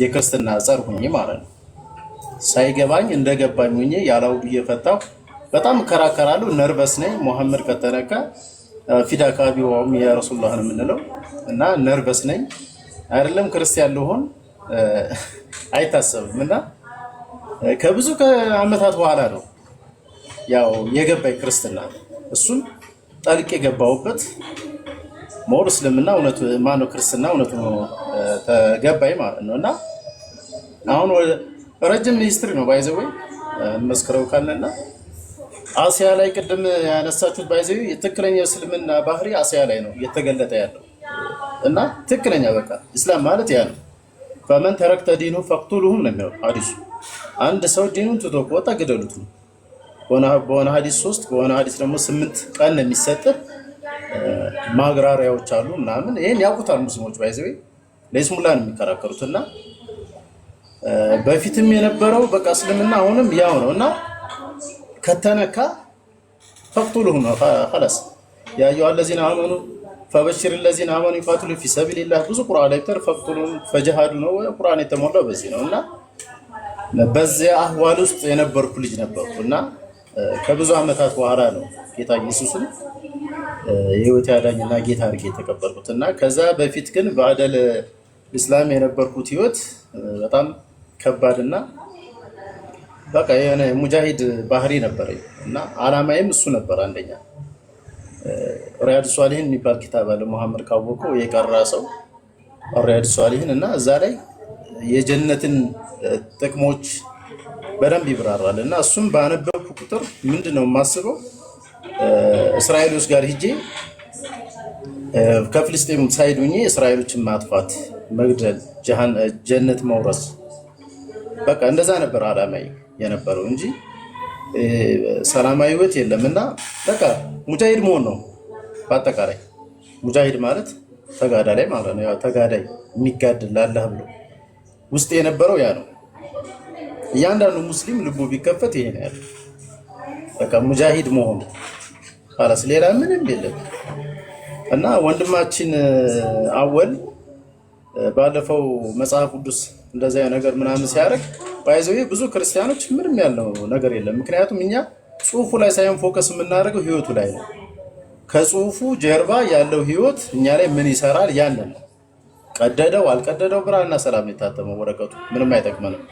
የክርስትና ጸር ሁኝ ማለት ነው። ሳይገባኝ እንደገባኝ ሁኜ ያለው ብዬ በጣም እከራከራለሁ፣ ነርቨስ ነኝ። ሙሐመድ ከተነካ ፊት አካባቢ ዋም የረሱላህ የምንለው እና ነርቨስ ነኝ። አይደለም ክርስቲያን ልሆን አይታሰብም። እና ከብዙ ከአመታት በኋላ ነው ያው የገባኝ ክርስትና። እሱም ጠልቅ የገባውበት ሞር እስልምና እውነቱ ማነው ክርስትና እውነቱ ተገባኝ ማለት ነው። እና አሁን ረጅም ሚኒስትሪ ነው ባይዘዌ መስክረው ካለና አሲያ ላይ ቅድም ያነሳችሁት ባይዘዌ የትክክለኛ እስልምና ባህሪ አሲያ ላይ ነው እየተገለጠ ያለው እና ትክክለኛ በቃ እስላም ማለት ያ ነው። ፈመን ተረክተ ዲኑ ፈቅቱሉሁም ነው የሚለው ሀዲሱ። አንድ ሰው ዲኑን ትቶ ከወጣ ግደሉት ነው በሆነ ሀዲስ ሶስት በሆነ ሀዲስ ደግሞ ስምንት ቀን የሚሰጥ ማግራሪያዎች አሉ ምናምን። ይህን ያውቁታል ሙስሊሞች ባይዘዌ ለይስሙላ ነው የሚከራከሩት በፊትም የነበረው በቃ እስልምና አሁንም ያው ነው እና ከተነካ ፈቅቱልሁ ነው ያ አዩሃ ለዚነ አመኑ ፈበሽር ለዚነ አመኑ ይቃትሉ ፊ ሰቢልላህ ብዙ ቁርአን ላይ ተር ፈቅቱሉም ፈጅሃዱ ነው ቁርአን የተሞላው በዚህ ነው እና በዚያ አህዋል ውስጥ የነበርኩ ልጅ ነበርኩ እና ከብዙ ዓመታት በኋላ ነው ጌታ ኢየሱስን የህይወት ያዳኝና ጌታ አድርጌ የተቀበልኩት እና ከዛ በፊት ግን በአደል ኢስላም የነበርኩት ህይወት በጣም ከባድ እና በቃ የሆነ ሙጃሂድ ባህሪ ነበረኝ እና አላማዬም እሱ ነበር። አንደኛ ሪያድ ሷሊህን የሚባል ኪታብ አለ መሐመድ ካወቀው የቀራ ሰው ሪያድ ሷሊህን እና እዛ ላይ የጀነትን ጥቅሞች በደንብ ይብራራል እና እሱም ባነበብኩ ቁጥር ምንድን ነው የማስበው እስራኤሎች ጋር ሂጄ ከፍልስጤም ሳይዱኝ እስራኤሎችን ማጥፋት መግደል፣ ጀነት መውረስ፣ በቃ እንደዛ ነበር አላማይ የነበረው እንጂ ሰላማዊ ህይወት የለም። እና በቃ ሙጃሂድ መሆን ነው በአጠቃላይ። ሙጃሂድ ማለት ተጋዳላይ ማለት ነው። ተጋዳይ የሚጋድል ላለህ ብሎ ውስጥ የነበረው ያ ነው። እያንዳንዱ ሙስሊም ልቡ ቢከፈት ይሄ ነው በቃ ሙጃሂድ መሆኑ ኋላስ ሌላ ምንም የለም እና ወንድማችን አወል ባለፈው መጽሐፍ ቅዱስ እንደዚያ ነገር ምናምን ሲያደርግ ባይዘው ብዙ ክርስቲያኖች ምንም ያለው ነገር የለም። ምክንያቱም እኛ ጽሁፉ ላይ ሳይሆን ፎከስ የምናደርገው ህይወቱ ላይ ነው። ከጽሁፉ ጀርባ ያለው ህይወት እኛ ላይ ምን ይሰራል ያንን ቀደደው አልቀደደው ብራና ሰላም የታተመው ወረቀቱ ምንም አይጠቅመንም።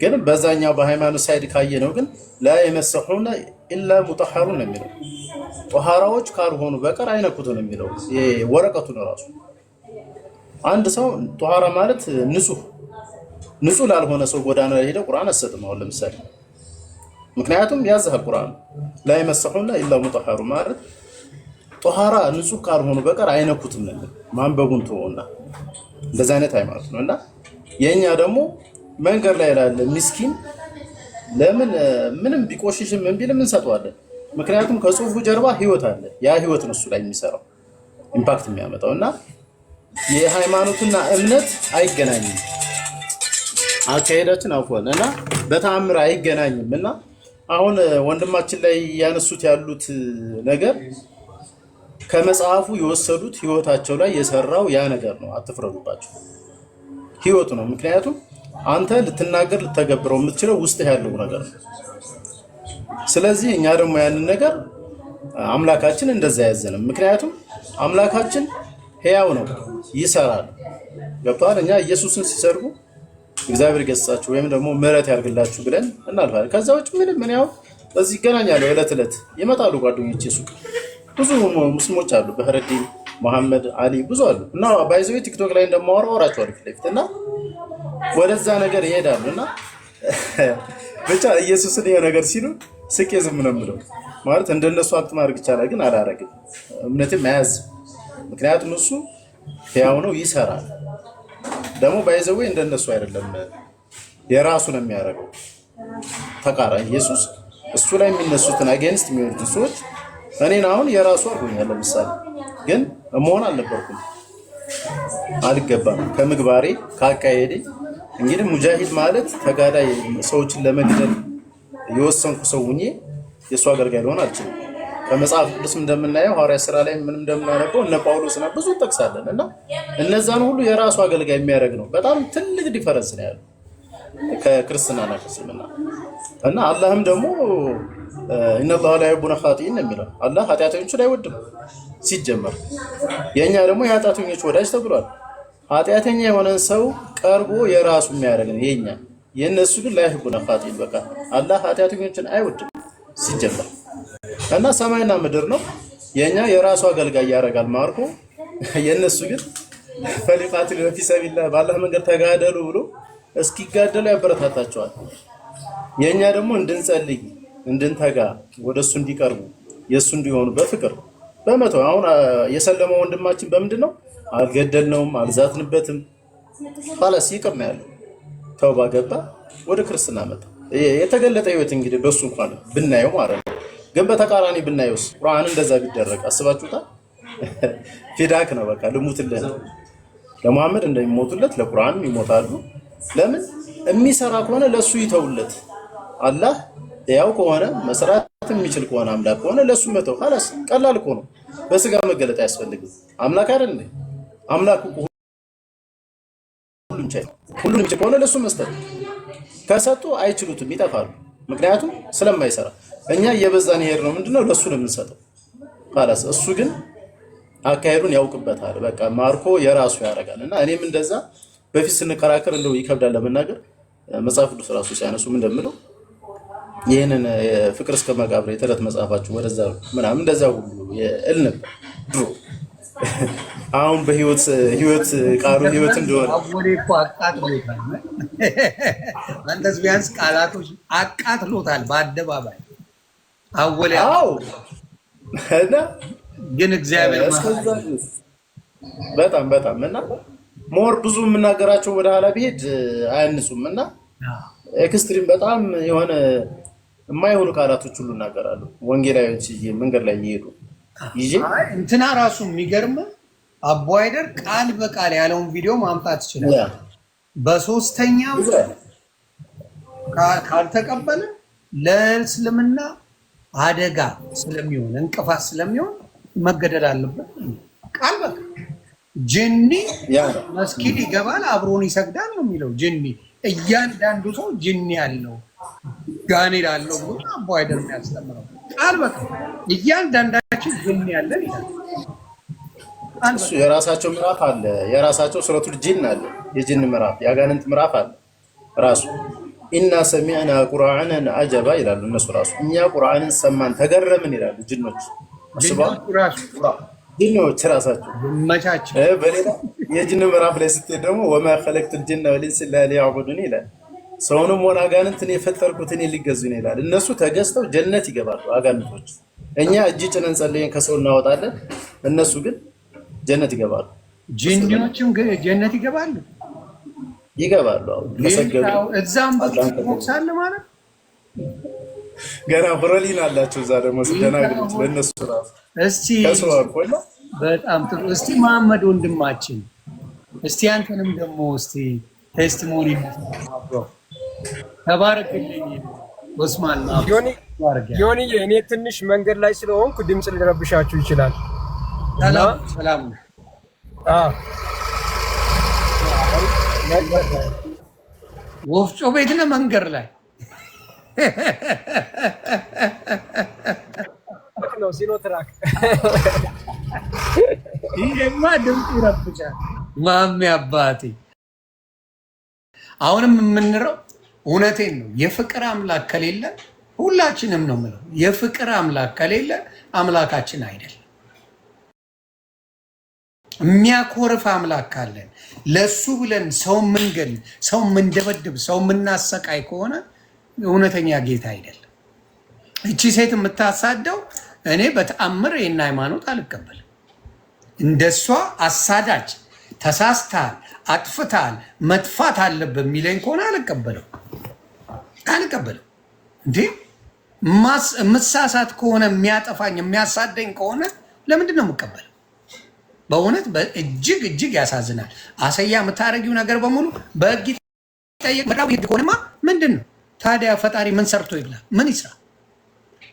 ግን በዛኛው በሃይማኖት ሳይድ ካየ ነው ግን ላየመሰሑነ ኢላ ሙጠሐሩን ነው የሚለው ጦሃራዎች ካልሆኑ በቀር አይነኩት ነው የሚለው ወረቀቱን ራሱ አንድ ሰው ጧራ ማለት ንጹህ ንጹህ ላልሆነ ሰው ጎዳና ላይ ሄደ ቁርአን አሰጥም። አሁን ለምሳሌ ምክንያቱም ያዝሃል ቁርአን ላይ መሰሁና ኢላ ሙጣሃሩ ማለት ጧራ ንጹህ ካልሆኑ በቀር አይነኩትም። ለምን ማንበቡን ተወውና እንደዛ አይነት ሃይማኖት ነው። እና የኛ ደግሞ መንገድ ላይ ላለ ምስኪን ለምን ምንም ቢቆሽሽም ምን ቢልም እንሰጠዋለን። ምክንያቱም ከጽሁፉ ጀርባ ህይወት አለ። ያ ህይወት ነው እሱ ላይ የሚሰራው ኢምፓክት የሚያመጣው እና የሃይማኖትና እምነት አይገናኝም። አካሄዳችን አፏል እና በተአምር አይገናኝም እና አሁን ወንድማችን ላይ ያነሱት ያሉት ነገር ከመጽሐፉ የወሰዱት ህይወታቸው ላይ የሰራው ያ ነገር ነው። አትፍረዱባቸው፣ ህይወቱ ነው። ምክንያቱም አንተ ልትናገር ልተገብረው የምትችለው ውስጥ ያለው ነገር ነው። ስለዚህ እኛ ደግሞ ያንን ነገር አምላካችን እንደዛ ያዘንም። ምክንያቱም አምላካችን ሕያው ነው፣ ይሰራል። ገብተዋል። እኛ ኢየሱስን ሲሰርጉ እግዚአብሔር ይገስጻችሁ ወይም ደግሞ ምሕረት ያርግላችሁ ብለን እናልፋለን። ከዛ ውጭ ምንም ምን ያው በዚህ ይገናኛለሁ። ዕለት ዕለት ይመጣሉ ጓደኞቼ ሱቅ ብዙ ሙስሊሞች አሉ፣ በህረዲን መሐመድ አሊ ብዙ አሉ። እና ባይዘዊ ቲክቶክ ላይ እንደማወራ ወራቸዋል ፊት ለፊት እና ወደዛ ነገር ይሄዳሉ። እና ብቻ ኢየሱስን ይሄ ነገር ሲሉ ስቄ ዝም ነው የምለው ማለት እንደነሱ አክት ማድረግ ይቻላል፣ ግን አላረግም። እምነትም መያዝ ምክንያቱም እሱ ያው ነው ይሰራል። ደግሞ ባይዘዌ እንደነሱ አይደለም፣ የራሱ ነው የሚያደርገው። ተቃራኒ ኢየሱስ እሱ ላይ የሚነሱትን አጌንስት የሚወዱት ሰዎች እኔን አሁን የራሱ አድርጎኛል። ለምሳሌ ግን መሆን አልነበርኩም፣ አልገባም ከምግባሬ ካካሄዴ። እንግዲህ ሙጃሂድ ማለት ተጋዳይ ሰዎችን ለመግደል የወሰንኩ ሰው ሁኜ የእሱ አገልጋይ ሊሆን አልችልም። በመጽሐፍ ቅዱስ እንደምናየው ሐዋርያ ስራ ላይ ምን እንደምናነበው እነ ጳውሎስ ነው ብዙ እንጠቅሳለን እና እነዛን ሁሉ የራሱ አገልጋይ የሚያደርግ ነው። በጣም ትልቅ ዲፈረንስ ነው ያለው ከክርስትናና ከእስልምና እና አላህም ደግሞ እነላ ላይ ቡነ ኻጢኢን ነው የሚለው አላህ ኃጢአተኞቹን አይወድም ሲጀመር። የእኛ ደግሞ የኃጢአተኞች ወዳጅ ተብሏል። ኃጢአተኛ የሆነን ሰው ቀርቦ የራሱ የሚያደርግ ነው የኛ። የእነሱ ግን ላይ ቡነ ኻጢኢን በቃ አላህ ኃጢአተኞችን አይወድም ሲጀመር እና ሰማይና ምድር ነው። የኛ የራሱ አገልጋይ ያደርጋል ማርኮ። የእነሱ ግን ፈሊቃትል ፊሰቢላ ባላህ መንገድ ተጋደሉ ብሎ እስኪጋደሉ ያበረታታቸዋል። የኛ ደግሞ እንድንጸልይ እንድንተጋ ወደሱ እንዲቀርቡ የእሱ እንዲሆኑ በፍቅር በመቶ አሁን የሰለመው ወንድማችን በምንድን ነው? አልገደልነውም፣ አልዛትንበትም። ኋላስ ይቅር ነው ያለው። ተውባ ገባ፣ ወደ ክርስትና መጣ። የተገለጠ ህይወት እንግዲህ በእሱ እንኳን ብናየው ማለት ነው። ግን በተቃራኒ ብናየውስ ቁርአን እንደዛ ቢደረግ አስባችሁታል? ፊዳክ ነው በቃ ልሙትልህ ነው። ለሙሐመድ እንደሚሞቱለት ለቁርአን ይሞታሉ። ለምን የሚሰራ ከሆነ ለሱ ይተውለት። አላህ ያው ከሆነ መስራት የሚችል ከሆነ አምላክ ከሆነ ለሱ መተው خلاص ቀላል እኮ ነው። በስጋ መገለጥ አያስፈልግም። አምላክ አይደል አምላክ ሁሉም ቻይ ሁሉም ከሆነ ለሱ መስጠት ከሰጡ አይችሉትም፣ ይጠፋሉ። ምክንያቱም ስለማይሰራ እኛ እየበዛን ይሄድ ነው ምንድነው ለሱ ነው የምንሰጠው። ካላስ እሱ ግን አካሄዱን ያውቅበታል። በቃ ማርኮ የራሱ ያደርጋል። እና እኔም እንደዛ በፊት ስንከራከር እንደው ይከብዳል ለመናገር መጽሐፍ ቅዱስ ራሱ ሲያነሱ ምን እንደምለው ይህንን ፍቅር እስከ መቃብር የተረት መጽሐፋችሁ ወደዛ ምናምን እንደዛ ሁሉ እል ነበር ድሮ። አሁን በህይወት ህይወት ቃሉ ህይወት እንደሆነ አንተስ ቢያንስ ቃላቶች አቃጥሎታል በአደባባይ አወል እና ግን እግዚአብሔር በጣም በጣም እና ሞር ብዙ የምናገራቸው ወደ ኋላ ብሄድ አያንጹም እና ኤክስትሪም በጣም የሆነ የማይሆኑ ቃላቶች ሁሉ እናገራሉ። ወንጌላዊዎች መንገድ ላይ እየሄዱ እንትና ራሱ የሚገርም አቦ አይደር ቃል በቃል ያለውን ቪዲዮ ማምጣት ይችላል። በሶስተኛ ካልተቀበለ ለእስልምና አደጋ ስለሚሆን እንቅፋት ስለሚሆን መገደል አለበት። ቃል በቃ ጅኒ መስጊድ ይገባል፣ አብሮን ይሰግዳል ነው የሚለው። ጅኒ እያንዳንዱ ሰው ጅኒ ያለው ጋኔል አለው ብሎ አቦ አይደል የሚያስተምረው። ቃል በቃ እያንዳንዳችን ጅኒ ያለን ይላል። የራሳቸው ምዕራፍ አለ፣ የራሳቸው ሱረቱል ጂን አለ፣ የጅን ምዕራፍ፣ የአጋንንት ምዕራፍ አለ ራሱ ኢና ሰሚዕና ቁርአንን አጀባ ይላሉ እነሱ ራሱ። እኛ ቁርአንን ሰማን ተገረምን ይላሉ ጅኖች። ጅኖች ራሳቸው በሌላ የጅን ምዕራፍ ላይ ስትሄድ ደግሞ ወማ ከለቅት ልጅና ወሊንስ ላ ሊያዕቡዱን ይላል። ሰውንም ሆነ አጋንንትን የፈጠርኩትን ሊገዙን ይላል። እነሱ ተገዝተው ጀነት ይገባሉ አጋንንቶች። እኛ እጅ ጭነን ጸለየን ከሰው እናወጣለን። እነሱ ግን ጀነት ይገባሉ። ጅኒዎችም ጀነት ይገባሉ። ይገባሉ። እዛም ቦክስ አለ ማለት ገና ብረሊን አላቸው። እዛ ደግሞ ደናግሎች ለእነሱ ራሱ በጣም ጥሩ። እስቲ መሐመድ ወንድማችን እስቲ አንተንም ደግሞ እስቲ ቴስቲሞኒ ተባረክልኝ። ኦስማን ዮኒ፣ እኔ ትንሽ መንገድ ላይ ስለሆንኩ ድምፅ ሊረብሻችሁ ይችላል። ሰላም ወፍጮ ቤት ነው መንገድ ላይ ነው ሲኖትራክ። ይሄማ ድምፅ ይረብጫል። አባቴ አሁንም የምንረው እውነቴን ነው። የፍቅር አምላክ ከሌለ ሁላችንም ነው የምለው፣ የፍቅር አምላክ ከሌለ አምላካችን አይደለም። የሚያኮርፍ አምላክ አለን። ለእሱ ብለን ሰው ምንገል፣ ሰው ምንደበድብ፣ ሰው ምናሰቃይ ከሆነ እውነተኛ ጌታ አይደለም። እቺ ሴት የምታሳደው እኔ በተአምር ይህን ሃይማኖት አልቀበልም። እንደሷ አሳዳጅ ተሳስታል፣ አጥፍታል፣ መጥፋት አለብህ የሚለኝ ከሆነ አልቀበለው አልቀበለው እንዴ የምሳሳት ከሆነ የሚያጠፋኝ የሚያሳደኝ ከሆነ ለምንድን ነው የምቀበለው? በእውነት እጅግ እጅግ ያሳዝናል። አሰያ የምታደረጊው ነገር በሙሉ በህግ ጠየቅ ከሆነማ ምንድን ነው ታዲያ? ፈጣሪ ምን ሰርቶ ይብላል? ምን ይስራ?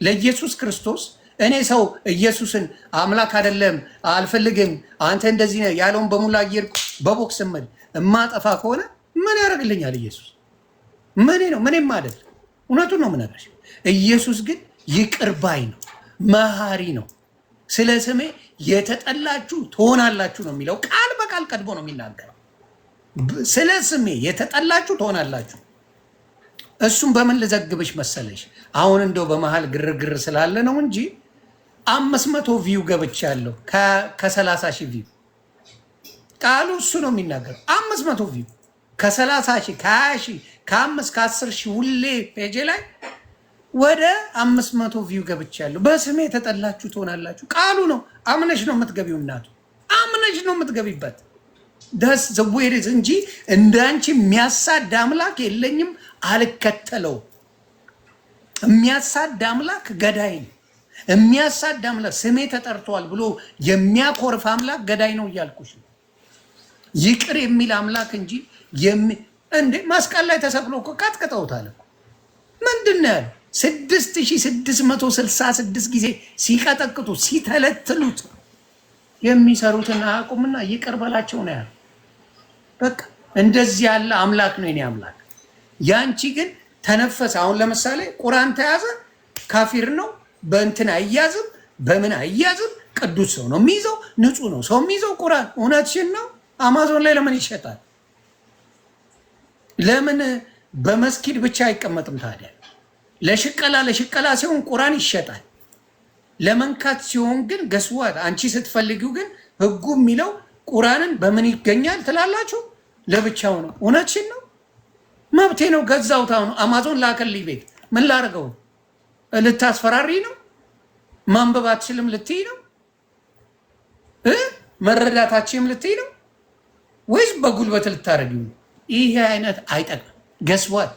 ለኢየሱስ ክርስቶስ እኔ ሰው ኢየሱስን አምላክ አይደለም አልፈልግም፣ አንተ እንደዚህ ነህ ያለውን በሙላ አየር በቦክስ ምል እማጠፋ ከሆነ ምን ያደርግልኛል? ኢየሱስ ምኔ ነው ምንም ማለት እውነቱን ነው የምነግርሽ። ኢየሱስ ግን ይቅርባይ ነው፣ መሐሪ ነው። ስለ ስሜ የተጠላችሁ ትሆናላችሁ ነው የሚለው። ቃል በቃል ቀድሞ ነው የሚናገረው። ስለ ስሜ የተጠላችሁ ትሆናላችሁ። እሱም በምን ልዘግብሽ መሰለሽ፣ አሁን እንደው በመሀል ግርግር ስላለ ነው እንጂ አምስት መቶ ቪው ገብቻለሁ ከሰላሳ ሺህ ቪው ቃሉ እሱ ነው የሚናገረው። አምስት መቶ ቪው ከሰላሳ ሺህ ከሀያ ሺህ ከአምስት ከአስር ሺህ ሁሌ ፔጄ ላይ ወደ አምስት መቶ ቪው ገብቻለሁ። በስሜ የተጠላችሁ ትሆናላችሁ። ቃሉ ነው። አምነሽ ነው የምትገቢው፣ እናቱ አምነሽ ነው የምትገቢበት። ደስ ዘዌሬዝ እንጂ አንቺ የሚያሳድ አምላክ የለኝም፣ አልከተለው። የሚያሳድ አምላክ ገዳይ ነው። የሚያሳድ አምላክ ስሜ ተጠርቷል ብሎ የሚያኮርፍ አምላክ ገዳይ ነው እያልኩሽ ነው። ይቅር የሚል አምላክ እንጂ እንዴ፣ መስቀል ላይ ተሰቅሎ እኮ ቀጥቅጠውታል። ምንድን ነው ያለው? ስድስት ሺህ ስድስት መቶ ስልሳ ስድስት ጊዜ ሲቀጠቅጡ ሲተለትሉት የሚሰሩትን አያውቁምና ይቅር በላቸው ነው ያሉ። በቃ እንደዚህ ያለ አምላክ ነው የኔ አምላክ። ያንቺ ግን ተነፈሰ። አሁን ለምሳሌ ቁራን ተያዘ፣ ካፊር ነው በእንትን አይያዝም፣ በምን አይያዝም። ቅዱስ ሰው ነው የሚይዘው፣ ንጹህ ነው ሰው የሚይዘው ቁራን። እውነትሽን ነው። አማዞን ላይ ለምን ይሸጣል? ለምን በመስኪድ ብቻ አይቀመጥም ታዲያ? ለሽቀላ ለሽቀላ ሲሆን ቁራን ይሸጣል። ለመንካት ሲሆን ግን ገስዋት አንቺ ስትፈልጊው ግን ህጉ የሚለው ቁራንን በምን ይገኛል ትላላችሁ? ለብቻው ነው። እውነትሽን ነው። መብቴ ነው። ገዛሁት። አሁን አማዞን ላከልኝ ቤት። ምን ላርገው? ልታስፈራሪ ነው? ማንበብ አትችልም ልትይ ነው? መረዳታችም ልትይ ነው? ወይስ በጉልበት ልታረጊው ነው? ይሄ አይነት አይጠቅምም። ገስዋት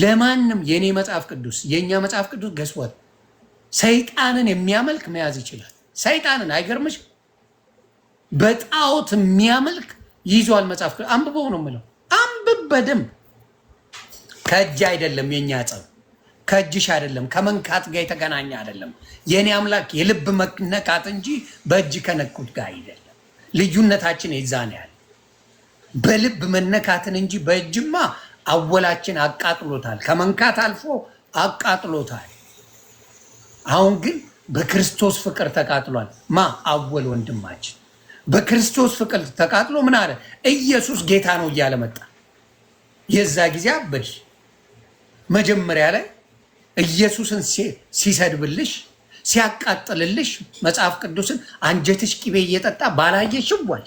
ለማንም የእኔ መጽሐፍ ቅዱስ የእኛ መጽሐፍ ቅዱስ ገስወት ሰይጣንን የሚያመልክ መያዝ ይችላል። ሰይጣንን አይገርምሽ? በጣዖት የሚያመልክ ይዟል መጽሐፍ ቅዱስ። አንብበው ነው የምለው፣ አንብብ ከእጅ አይደለም የእኛ ጸብ፣ ከእጅሽ አይደለም ከመንካት ጋር የተገናኘ አይደለም። የእኔ አምላክ የልብ መነካት እንጂ በእጅ ከነኩት ጋር አይደለም። ልዩነታችን የዛን ያህል በልብ መነካትን እንጂ በእጅማ አወላችን አቃጥሎታል። ከመንካት አልፎ አቃጥሎታል። አሁን ግን በክርስቶስ ፍቅር ተቃጥሏል። ማ አወል ወንድማችን በክርስቶስ ፍቅር ተቃጥሎ ምን አለ? ኢየሱስ ጌታ ነው እያለ መጣ። የዛ ጊዜ አበድሽ። መጀመሪያ ላይ ኢየሱስን ሲሰድብልሽ፣ ሲያቃጥልልሽ መጽሐፍ ቅዱስን አንጀትሽ ቂቤ እየጠጣ ባላየ ሽዋል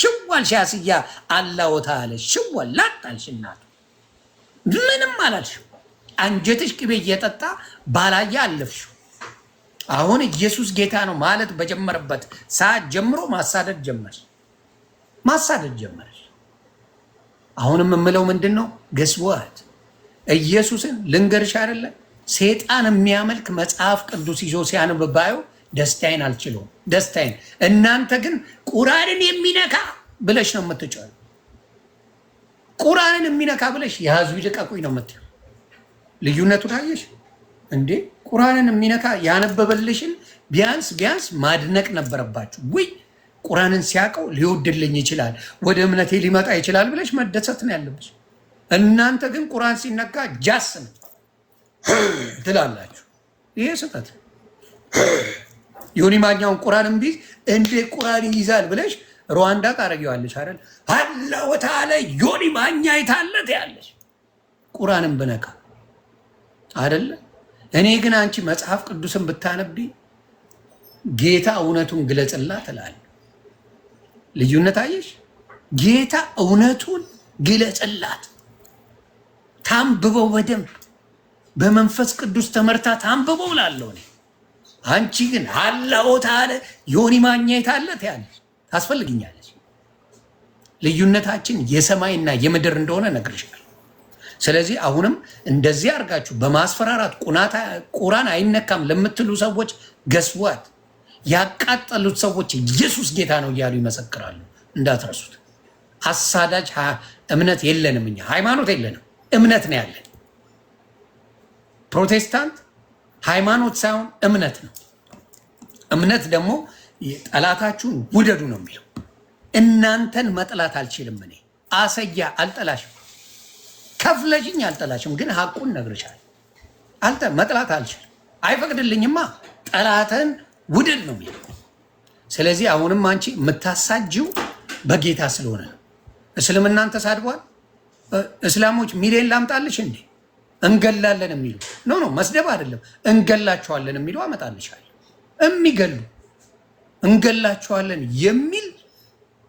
ሽዋል ሲያስያ አላወታ አለ ሽዋል ላጣልሽ ምንም አላልሽ። አንጀትሽ ቅቤ እየጠጣ ባላየ አለፍሽ። አሁን ኢየሱስ ጌታ ነው ማለት በጀመረበት ሰዓት ጀምሮ ማሳደድ ጀመር ማሳደድ ጀመርሽ። አሁንም የምለው ምንድን ነው ገስዋት ኢየሱስን ልንገርሽ አይደለ ሴጣን የሚያመልክ መጽሐፍ ቅዱስ ይዞ ሲያነብ ባየው ደስታዬን አልችለውም። ደስታይን እናንተ ግን ቁራንን የሚነካ ብለሽ ነው የምትጫወው። ቁርአንን የሚነካ ብለሽ የያዙ ይልቀቁኝ ነው መት ልዩነቱ ታየሽ እንዴ? ቁርአንን የሚነካ ያነበበልሽን ቢያንስ ቢያንስ ማድነቅ ነበረባችሁ። ውይ ቁርአንን ሲያውቀው ሊወድልኝ ይችላል፣ ወደ እምነቴ ሊመጣ ይችላል ብለሽ መደሰት ነው ያለብሽ። እናንተ ግን ቁርአን ሲነካ ጃስ ነው ትላላችሁ። ይሄ ስህተት። ዮኒ ማኛውን ቁርአን ቢይዝ እንዴ ቁርአን ይይዛል ብለሽ ሩዋንዳ ታረጊዋለች አይደል? አላ ወታለ ዮኒ ማኛ የታለት ያለች ቁራንም ብነካ አይደለ? እኔ ግን አንቺ መጽሐፍ ቅዱስን ብታነቢ ጌታ እውነቱን ግለጽላት እላለሁ። ልዩነት አየሽ? ጌታ እውነቱን ግለጽላት። ታንብበው በደንብ በመንፈስ ቅዱስ ተመርታ ታንብበው ላለሁ። አንቺ ግን አላወታለ ዮኒ ማኛ የታለት ያለች ታስፈልግኛለች። ልዩነታችን የሰማይና የምድር እንደሆነ ነግርሻል። ስለዚህ አሁንም እንደዚህ አድርጋችሁ በማስፈራራት ቁራን አይነካም ለምትሉ ሰዎች ገስዋት ያቃጠሉት ሰዎች ኢየሱስ ጌታ ነው እያሉ ይመሰክራሉ። እንዳትረሱት። አሳዳጅ እምነት የለንም እኛ ሃይማኖት የለንም፣ እምነት ነው ያለን። ፕሮቴስታንት ሃይማኖት ሳይሆን እምነት ነው። እምነት ደግሞ ጠላታችሁን ውደዱ ነው የሚለው። እናንተን መጥላት አልችልም እኔ አሰያ አልጠላሽም፣ ከፍለሽኝ አልጠላሽም። ግን ሀቁን ነግርሻል። አንተ መጥላት አልችልም፣ አይፈቅድልኝማ። ጠላትን ውደድ ነው የሚለው። ስለዚህ አሁንም አንቺ የምታሳጅው በጌታ ስለሆነ ነው። እስልምናን ተሳድቧል። እስላሞች ሚሊዮን ላምጣልሽ እንዴ እንገላለን የሚሉ ኖ ኖ መስደብ አይደለም፣ እንገላቸዋለን የሚሉ አመጣልሻለሁ የሚገሉ እንገላቸዋለን የሚል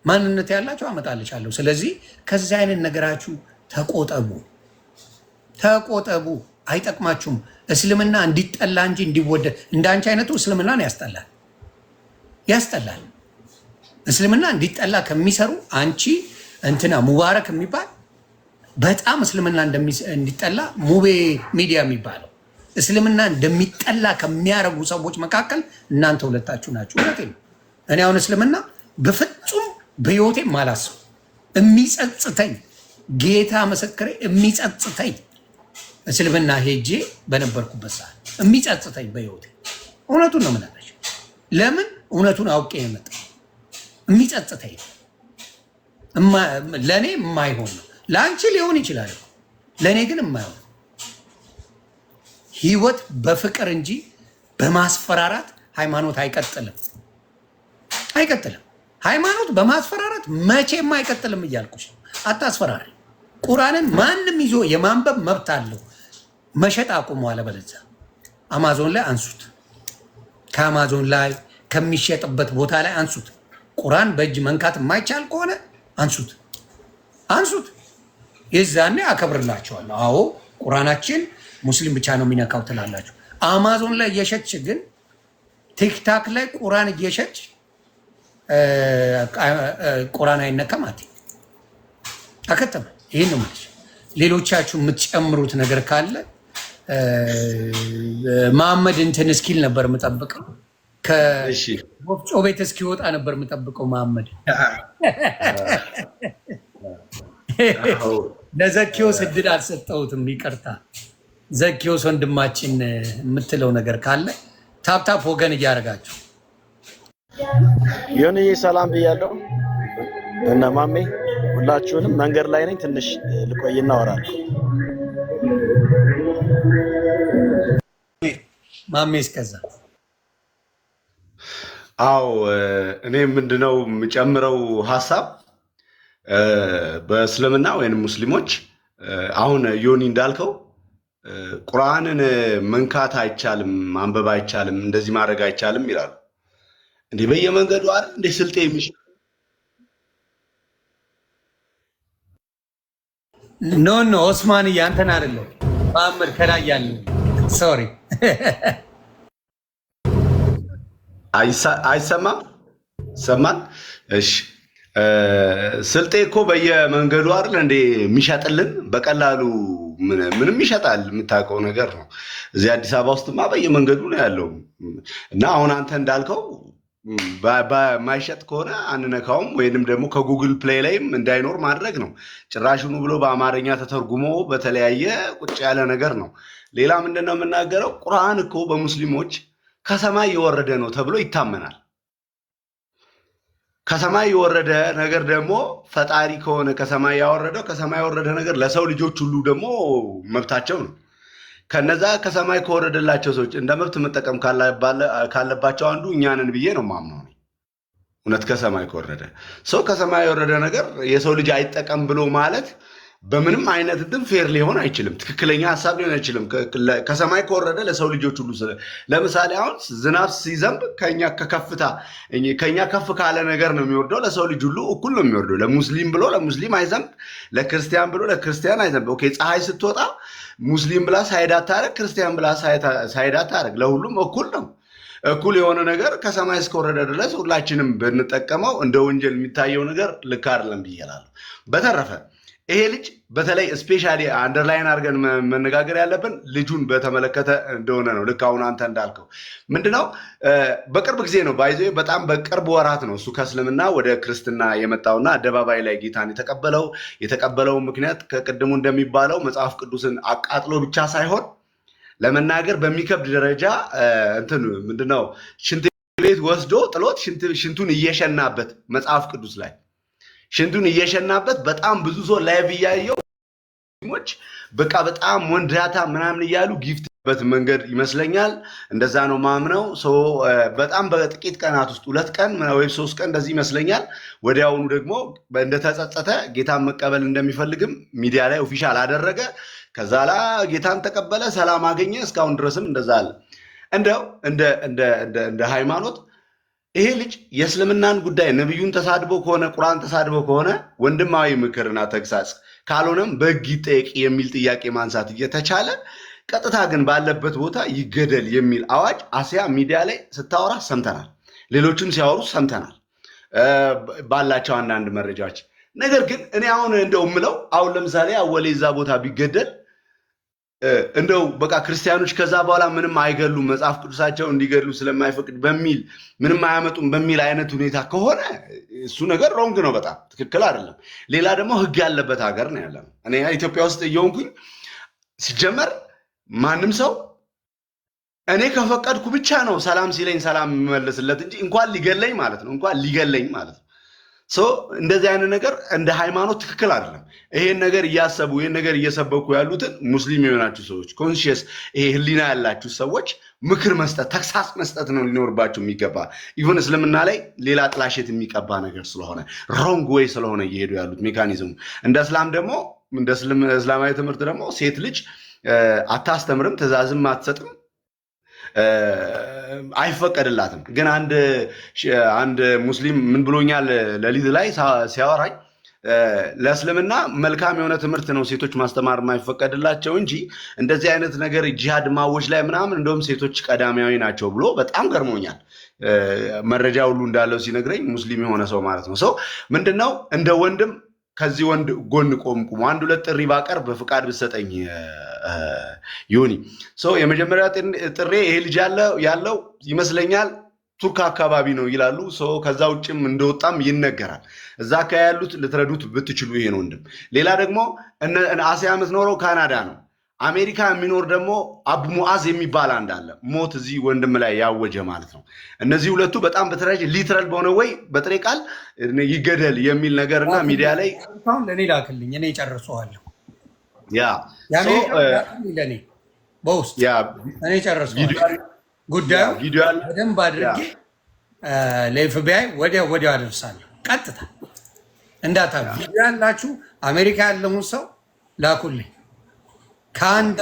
ማንነት ያላቸው አመጣልቻለሁ። ስለዚህ ከዚህ አይነት ነገራችሁ ተቆጠቡ፣ ተቆጠቡ። አይጠቅማችሁም። እስልምና እንዲጠላ እንጂ እንዲወደድ እንደ አንቺ አይነቱ እስልምናን ያስጠላል፣ ያስጠላል። እስልምና እንዲጠላ ከሚሰሩ አንቺ እንትና ሙባረክ የሚባል በጣም እስልምና እንዲጠላ ሙቤ ሚዲያ የሚባለው እስልምና እንደሚጠላ ከሚያረጉ ሰዎች መካከል እናንተ ሁለታችሁ ናችሁ። እውነቴን ነው። እኔ አሁን እስልምና በፍጹም በህይወቴ ማላስብ የሚጸጽተኝ ጌታ ምስክሬ የሚጸጽተኝ እስልምና ሄጄ በነበርኩበት ሰዓት የሚጸጽተኝ በህይወቴ እውነቱን ነው ምናለች። ለምን እውነቱን አውቄ የመጣ የሚጸጽተኝ ለእኔ የማይሆን ነው። ለአንቺ ሊሆን ይችላል፣ ለእኔ ግን የማይሆን ህይወት በፍቅር እንጂ በማስፈራራት ሃይማኖት አይቀጥልም። አይቀጥልም። ሃይማኖት በማስፈራራት መቼም አይቀጥልም እያልኩሽ፣ አታስፈራሪ። ቁራንን ማንም ይዞ የማንበብ መብት አለው። መሸጥ አቁሙ። አለበለዚያ አማዞን ላይ አንሱት፣ ከአማዞን ላይ ከሚሸጥበት ቦታ ላይ አንሱት። ቁራን በእጅ መንካት የማይቻል ከሆነ አንሱት፣ አንሱት። የዛኔ አከብርላቸዋለሁ። አዎ ቁራናችን ሙስሊም ብቻ ነው የሚነካው ትላላችሁ። አማዞን ላይ እየሸጥሽ ግን ቲክታክ ላይ ቁራን እየሸጥሽ ቁራን አይነካም አት አከተመ። ይህን ነው ማለት ሌሎቻችሁ የምትጨምሩት ነገር ካለ መሐመድ እንትን እስኪል ነበር የምጠብቀው ከወፍጮ ቤት እስኪወጣ ነበር የምጠብቀው። መሐመድ ለዘኪዎስ እድል አልሰጠሁትም፣ ይቅርታ። ዘኪዎስ ወንድማችን የምትለው ነገር ካለ ታፕታፕ ወገን እያደረጋችሁ ይሁንዬ ሰላም ብያለሁ። እና ማሜ ሁላችሁንም መንገድ ላይ ነኝ፣ ትንሽ ልቆይ እናወራለን። ማሜ እስከዛ አው እኔ ምንድነው የምጨምረው ሀሳብ በእስልምና ወይም ሙስሊሞች አሁን ዮኒ እንዳልከው ቁርአንን መንካት አይቻልም፣ ማንበብ አይቻልም፣ እንደዚህ ማድረግ አይቻልም ይላሉ። እንዴ በየመንገዱ አይደል እንዴ ስልጤ የሚሽ ኖ ኖ ኦስማን አንተን አይደለም ማምር ከላይ ያለ ሶሪ አይሰማም ሰማን እሺ ስልጤ እኮ በየመንገዱ አይደል እንዴ የሚሸጥልን በቀላሉ ምንም ይሸጣል። የምታውቀው ነገር ነው። እዚህ አዲስ አበባ ውስጥማ በየመንገዱ ነው ያለው እና አሁን አንተ እንዳልከው ማይሸጥ ከሆነ አንነካውም፣ ወይንም ደግሞ ከጉግል ፕሌይ ላይም እንዳይኖር ማድረግ ነው። ጭራሹኑ ብሎ በአማርኛ ተተርጉሞ በተለያየ ቁጭ ያለ ነገር ነው። ሌላ ምንድን ነው የምናገረው? ቁርአን እኮ በሙስሊሞች ከሰማይ የወረደ ነው ተብሎ ይታመናል። ከሰማይ የወረደ ነገር ደግሞ ፈጣሪ ከሆነ ከሰማይ ያወረደው ከሰማይ የወረደ ነገር ለሰው ልጆች ሁሉ ደግሞ መብታቸው ነው። ከነዛ ከሰማይ ከወረደላቸው ሰዎች እንደ መብት መጠቀም ካለባቸው አንዱ እኛንን ብዬ ነው ማምነው። እውነት ከሰማይ ከወረደ ሰው ከሰማይ የወረደ ነገር የሰው ልጅ አይጠቀም ብሎ ማለት በምንም አይነት ድም ፌር ሊሆን አይችልም። ትክክለኛ ሀሳብ ሊሆን አይችልም። ከሰማይ ከወረደ ለሰው ልጆች ሁሉ ስለ ለምሳሌ አሁን ዝናብ ሲዘንብ ከኛ ከከፍታ ከኛ ከፍ ካለ ነገር ነው የሚወርደው። ለሰው ልጅ ሁሉ እኩል ነው የሚወርደው። ለሙስሊም ብሎ ለሙስሊም አይዘንብ፣ ለክርስቲያን ብሎ ለክርስቲያን አይዘንብ። ኦኬ ፀሐይ ስትወጣ ሙስሊም ብላ ሳይዳ ታረግ፣ ክርስቲያን ብላ ሳይዳ ታረግ። ለሁሉም እኩል ነው። እኩል የሆነ ነገር ከሰማይ እስከወረደ ድረስ ሁላችንም ብንጠቀመው እንደ ወንጀል የሚታየው ነገር ልክ አይደለም ብዬ በተረፈ ይሄ ልጅ በተለይ ስፔሻሊ አንደርላይን አድርገን መነጋገር ያለብን ልጁን በተመለከተ እንደሆነ ነው። ልክ አሁን አንተ እንዳልከው ምንድነው በቅርብ ጊዜ ነው ባይዞ በጣም በቅርብ ወራት ነው እሱ ከእስልምና ወደ ክርስትና የመጣውና አደባባይ ላይ ጌታን የተቀበለው የተቀበለው ምክንያት ከቅድሙ እንደሚባለው መጽሐፍ ቅዱስን አቃጥሎ ብቻ ሳይሆን ለመናገር በሚከብድ ደረጃ እንትን ምንድነው ሽንት ቤት ወስዶ ጥሎት ሽንቱን እየሸናበት መጽሐፍ ቅዱስ ላይ ሽንቱን እየሸናበት በጣም ብዙ ሰው ላይቭ እያየው ሞች በቃ በጣም ወንዳታ ምናምን እያሉ ጊፍት በት መንገድ ይመስለኛል። እንደዛ ነው ማምነው። በጣም በጥቂት ቀናት ውስጥ ሁለት ቀን ወይም ሶስት ቀን እንደዚህ ይመስለኛል። ወዲያውኑ ደግሞ እንደተጸጸተ ጌታን መቀበል እንደሚፈልግም ሚዲያ ላይ ኦፊሻል አደረገ። ከዛ ላ ጌታን ተቀበለ፣ ሰላም አገኘ። እስካሁን ድረስም እንደዛ አለ። እንደው እንደ ሃይማኖት ይሄ ልጅ የእስልምናን ጉዳይ ነቢዩን ተሳድቦ ከሆነ ቁርአን ተሳድቦ ከሆነ ወንድማዊ ምክርና ተግሳጽ ካልሆነም በህግ ይጠየቅ የሚል ጥያቄ ማንሳት እየተቻለ ቀጥታ ግን ባለበት ቦታ ይገደል የሚል አዋጅ አሲያ ሚዲያ ላይ ስታወራ ሰምተናል። ሌሎችም ሲያወሩ ሰምተናል ባላቸው አንዳንድ መረጃዎች። ነገር ግን እኔ አሁን እንደው ምለው አሁን ለምሳሌ አወሌ እዛ ቦታ ቢገደል እንደው በቃ ክርስቲያኖች ከዛ በኋላ ምንም አይገሉም፣ መጽሐፍ ቅዱሳቸው እንዲገድሉ ስለማይፈቅድ በሚል ምንም አያመጡም በሚል አይነት ሁኔታ ከሆነ እሱ ነገር ሮንግ ነው፣ በጣም ትክክል አይደለም። ሌላ ደግሞ ህግ ያለበት ሀገር ነው ያለ ነው። እኔ ኢትዮጵያ ውስጥ እየሆንኩኝ ሲጀመር ማንም ሰው እኔ ከፈቀድኩ ብቻ ነው ሰላም ሲለኝ ሰላም የሚመልስለት እንጂ እንኳን ሊገለኝ ማለት ነው እንኳን ሊገለኝ ማለት ነው እንደዚህ አይነት ነገር እንደ ሃይማኖት ትክክል አይደለም። ይሄን ነገር እያሰቡ ይሄን ነገር እየሰበኩ ያሉትን ሙስሊም የሆናችሁ ሰዎች፣ ኮንሽየስ ይሄ ህሊና ያላችሁ ሰዎች ምክር መስጠት ተግሳጽ መስጠት ነው ሊኖርባቸው የሚገባ ኢቨን እስልምና ላይ ሌላ ጥላሸት የሚቀባ ነገር ስለሆነ ሮንግ ወይ ስለሆነ እየሄዱ ያሉት ሜካኒዝሙ እንደ እስላም ደግሞ እንደ እስላማዊ ትምህርት ደግሞ ሴት ልጅ አታስተምርም፣ ትእዛዝም አትሰጥም አይፈቀድላትም። ግን አንድ አንድ ሙስሊም ምን ብሎኛል ለሊት ላይ ሲያወራኝ ለእስልምና መልካም የሆነ ትምህርት ነው ሴቶች ማስተማር የማይፈቀድላቸው እንጂ እንደዚህ አይነት ነገር ጂሃድ ማዎች ላይ ምናምን እንደውም ሴቶች ቀዳሚያዊ ናቸው ብሎ በጣም ገርሞኛል። መረጃ ሁሉ እንዳለው ሲነግረኝ ሙስሊም የሆነ ሰው ማለት ነው። ሰው ምንድነው እንደ ወንድም ከዚህ ወንድ ጎን ቆም ቁሙ። አንድ ሁለት ጥሪ ባቀር በፍቃድ ብሰጠኝ ይሁኒ ሰው የመጀመሪያ ጥሬ ይሄ ልጅ ያለው ይመስለኛል ቱርክ አካባቢ ነው ይላሉ። ሰው ከዛ ውጭም እንደወጣም ይነገራል። እዛ አካባቢ ያሉት ልትረዱት ብትችሉ ይሄን ወንድም። ሌላ ደግሞ አስያ የምትኖረው ካናዳ ነው አሜሪካ የሚኖር ደግሞ አቡ ሙዓዝ የሚባል አንድ አለ። ሞት እዚህ ወንድም ላይ ያወጀ ማለት ነው። እነዚህ ሁለቱ በጣም በተለያየ ሊትራል በሆነ ወይ በጥሬ ቃል ይገደል የሚል ነገር እና ሚዲያ ላይ ለእኔ ላክልኝ፣ እኔ ጨርሰዋለሁ። ያ በውስጥ እኔ ጨርሰዋለሁ። ጉዳዩ በደንብ አድርጌ ለኤፍቢአይ ወዲያ ወዲያው አደርሳለሁ። ቀጥታ እንዳታ ቪዲዮ ያላችሁ አሜሪካ ያለውን ሰው ላኩልኝ። ከአንድ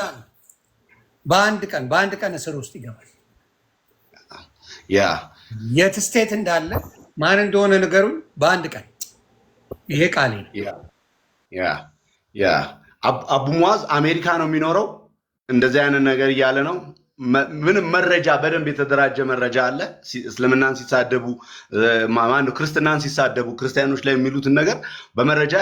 በአንድ ቀን በአንድ ቀን እስር ውስጥ ይገባል። ያ የት ስቴት እንዳለ ማን እንደሆነ ነገሩን በአንድ ቀን ይሄ ቃሌ ነው። አሜሪካ ነው የሚኖረው። እንደዚህ አይነት ነገር እያለ ነው ምንም መረጃ በደንብ የተደራጀ መረጃ አለ። እስልምናን ሲሳደቡ ማን ክርስትናን ሲሳደቡ ክርስቲያኖች ላይ የሚሉትን ነገር በመረጃ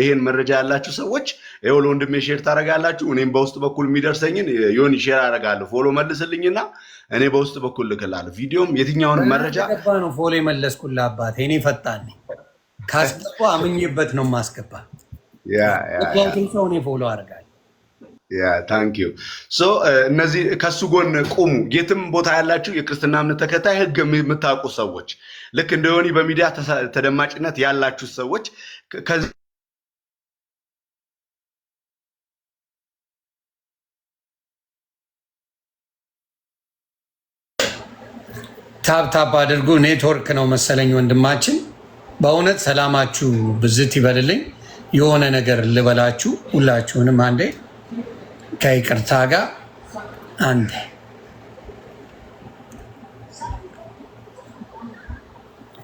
ይሄን መረጃ ያላችሁ ሰዎች ይኸው ለወንድሜ ሼር ታደርጋላችሁ። እኔም በውስጥ በኩል የሚደርሰኝን ዮኒ ሼር አደርጋለሁ። ፎሎ መልስልኝና እኔ በውስጥ በኩል ልክላለሁ። ቪዲዮም የትኛውን መረጃ ነው ፎሎ የመለስኩልህ አባት እኔ ፈጣን ካስገባ አምኜበት ነው ማስገባ ሰው እኔ ፎሎ አደርጋለሁ ታንክ ዩ እነዚህ ከሱ ጎን ቁሙ። የትም ቦታ ያላችሁ የክርስትና እምነት ተከታይ ህግ የምታውቁ ሰዎች ልክ እንደ ዮኒ በሚዲያ ተደማጭነት ያላችሁ ሰዎች ታብታብ አድርጉ። ኔትወርክ ነው መሰለኝ ወንድማችን። በእውነት ሰላማችሁ ብዝት ይበልልኝ። የሆነ ነገር ልበላችሁ ሁላችሁንም አንዴ ከይቅርታ ጋር አንድ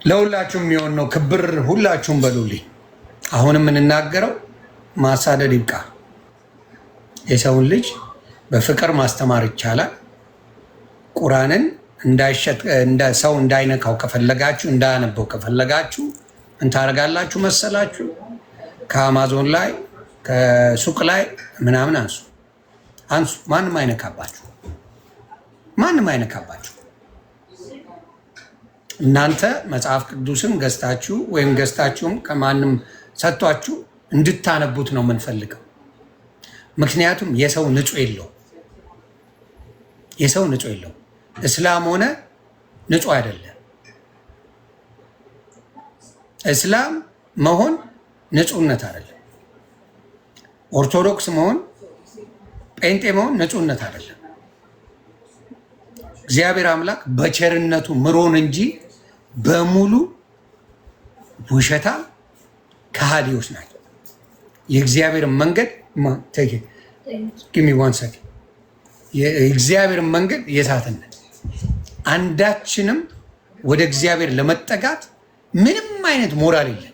ለሁላችሁም የሚሆን ነው። ክብር ሁላችሁም በሉልኝ። አሁን የምንናገረው ማሳደድ ይብቃ። የሰውን ልጅ በፍቅር ማስተማር ይቻላል። ቁራንን ሰው እንዳይነካው ከፈለጋችሁ እንዳያነበው ከፈለጋችሁ እንታደርጋላችሁ መሰላችሁ ከአማዞን ላይ ከሱቅ ላይ ምናምን አንሱ። አንሱ። ማንም አይነካባችሁ፣ ማንም አይነካባችሁ። እናንተ መጽሐፍ ቅዱስን ገዝታችሁ ወይም ገዝታችሁም ከማንም ሰጥቷችሁ እንድታነቡት ነው የምንፈልገው። ምክንያቱም የሰው ንጹህ የለው የሰው ንጹህ የለው። እስላም ሆነ ንጹህ አይደለም። እስላም መሆን ንጹህነት አይደለም። ኦርቶዶክስ መሆን ጴንጤ መሆን ንጹህነት አይደለም። እግዚአብሔር አምላክ በቸርነቱ ምሮን እንጂ በሙሉ ውሸታ ከሃዲዎች ናቸው። የእግዚአብሔርን መንገድ የእግዚአብሔርን መንገድ የሳትነት አንዳችንም ወደ እግዚአብሔር ለመጠጋት ምንም አይነት ሞራል የለን።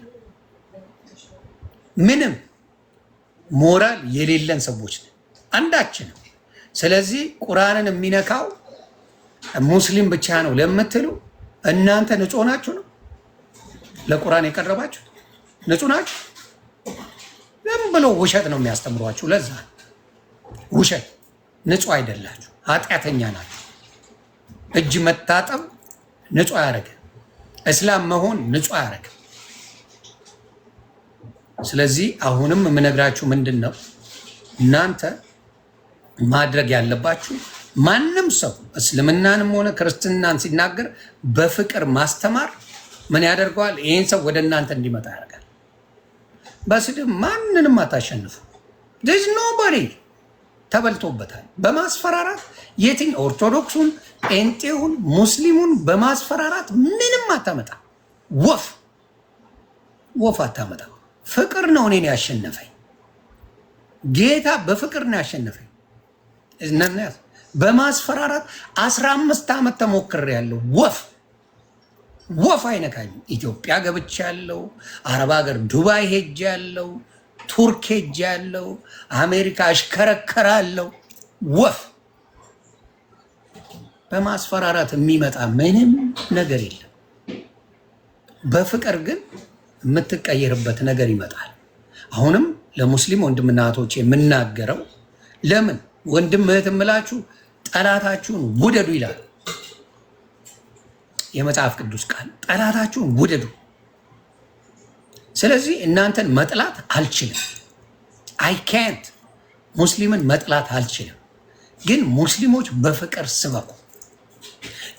ምንም ሞራል የሌለን ሰዎች ነው ስለዚህ ቁርአንን የሚነካው ሙስሊም ብቻ ነው ለምትሉ እናንተ ንጹህ ናችሁ ነው። ለቁርአን የቀረባችሁ ንጹህ ናችሁ። ዝም ብሎ ውሸት ነው የሚያስተምሯችሁ። ለዛ ውሸት ንጹህ አይደላችሁ፣ ኃጢአተኛ ናችሁ። እጅ መታጠብ ንጹህ አያደርግም። እስላም መሆን ንጹህ አያደርግም። ስለዚህ አሁንም የምነግራችሁ ምንድን ነው እናንተ ማድረግ ያለባችሁ ማንም ሰው እስልምናንም ሆነ ክርስትናን ሲናገር በፍቅር ማስተማር ምን ያደርገዋል? ይህን ሰው ወደ እናንተ እንዲመጣ ያደርጋል። በስድብ ማንንም አታሸንፉ። ዝ ኖባዲ ተበልቶበታል። በማስፈራራት የትኛው ኦርቶዶክሱን፣ ጴንጤውን፣ ሙስሊሙን በማስፈራራት ምንም አታመጣ። ወፍ ወፍ አታመጣ። ፍቅር ነው እኔን ያሸነፈኝ ጌታ በፍቅር ነው ያሸነፈኝ። በማስፈራራት አስራ አምስት ዓመት ያለው ወፍ ወፍ አይነካኝ። ኢትዮጵያ ያለው አረብ ሀገር ዱባይ ሄጅ ያለው ቱርክ ሄጅ ያለው፣ አሜሪካ አለው ወፍ በማስፈራራት የሚመጣ ምንም ነገር የለም። በፍቅር ግን የምትቀየርበት ነገር ይመጣል። አሁንም ለሙስሊም ወንድምናቶች የምናገረው ለምን ወንድም እህት የምላችሁ ጠላታችሁን ውደዱ ይላል የመጽሐፍ ቅዱስ ቃል። ጠላታችሁን ውደዱ። ስለዚህ እናንተን መጥላት አልችልም። አይ ካንት ሙስሊምን መጥላት አልችልም። ግን ሙስሊሞች በፍቅር ስበኩ።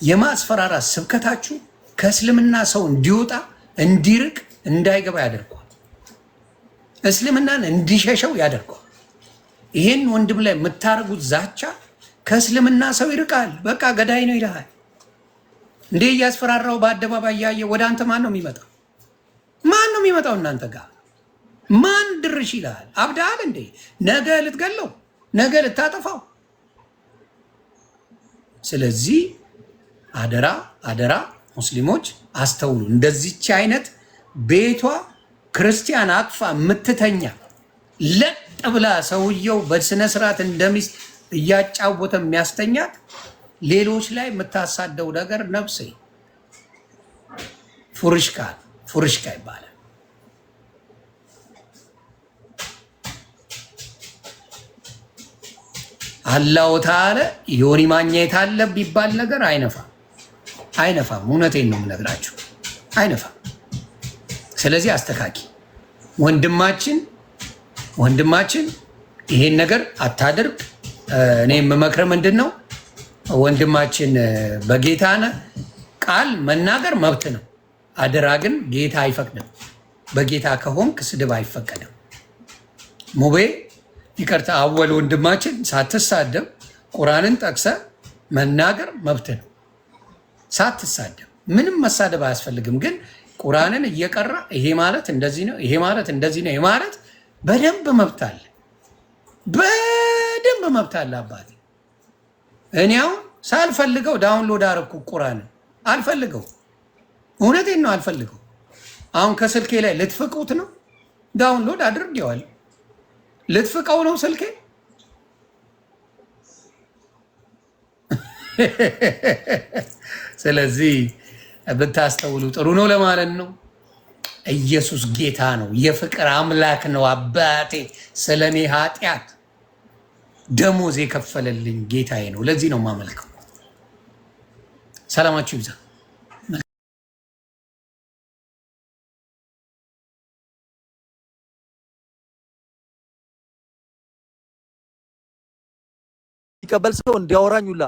የማስፈራራት ስብከታችሁ ከእስልምና ሰው እንዲወጣ እንዲርቅ፣ እንዳይገባ ያደርገዋል። እስልምናን እንዲሸሸው ያደርገዋል። ይህን ወንድም ላይ የምታደርጉት ዛቻ ከእስልምና ሰው ይርቃል። በቃ ገዳይ ነው ይልሃል። እንዴ እያስፈራራው በአደባባይ እያየ ወደ አንተ ማን ነው የሚመጣው? ማን ነው የሚመጣው እናንተ ጋር ማን ድርሽ ይልሃል። አብዳሃል እንዴ? ነገ ልትገለው፣ ነገ ልታጠፋው። ስለዚህ አደራ አደራ ሙስሊሞች አስተውሉ። እንደዚች አይነት ቤቷ ክርስቲያን አቅፋ የምትተኛ ለጥ ብላ ሰውየው በስነ ስርዓት እንደሚስት እያጫወተ የሚያስተኛት ሌሎች ላይ የምታሳደው ነገር ነፍሴ ፉርሽካ ፉርሽካ ይባላል። አላሁ ተዓላ ዮኒ ማኛ አለ ቢባል ነገር አይነፋ አይነፋም። እውነቴን ነው የምነግራችሁ፣ አይነፋም። ስለዚህ አስተካኪ ወንድማችን ወንድማችን ይሄን ነገር አታድርግ። እኔ የምመክረ ምንድን ነው ወንድማችን በጌታ ቃል መናገር መብት ነው። አደራ ግን ጌታ አይፈቅድም። በጌታ ከሆንክ ስድብ አይፈቀድም። ሙቤ ይቅርታ፣ አወል ወንድማችን ሳትሳደብ ቁራንን ጠቅሰ መናገር መብት ነው። ሳትሳደብ ምንም መሳደብ አያስፈልግም። ግን ቁራንን እየቀራ ይሄ ማለት እንደዚህ ነው፣ ይሄ ማለት እንደዚህ ነው፣ ይሄ ማለት በደንብ መብት አለ፣ በደንብ መብት አለ አባቴ። እኔ አሁን ሳልፈልገው ዳውንሎድ አረኩ ቁራን አልፈልገው፣ እውነቴን ነው አልፈልገው። አሁን ከስልኬ ላይ ልትፍቁት ነው? ዳውንሎድ አድርጌዋል። ልትፍቀው ነው ስልኬ ስለዚህ ብታስተውሉ ጥሩ ነው ለማለት ነው። ኢየሱስ ጌታ ነው፣ የፍቅር አምላክ ነው። አባቴ ስለ እኔ ኃጢአት ደሞዝ የከፈለልኝ ጌታዬ ነው። ለዚህ ነው የማመልከው። ሰላማችሁ ይብዛ። ይቀበል ሰው እንዲያወራኝ ሁላ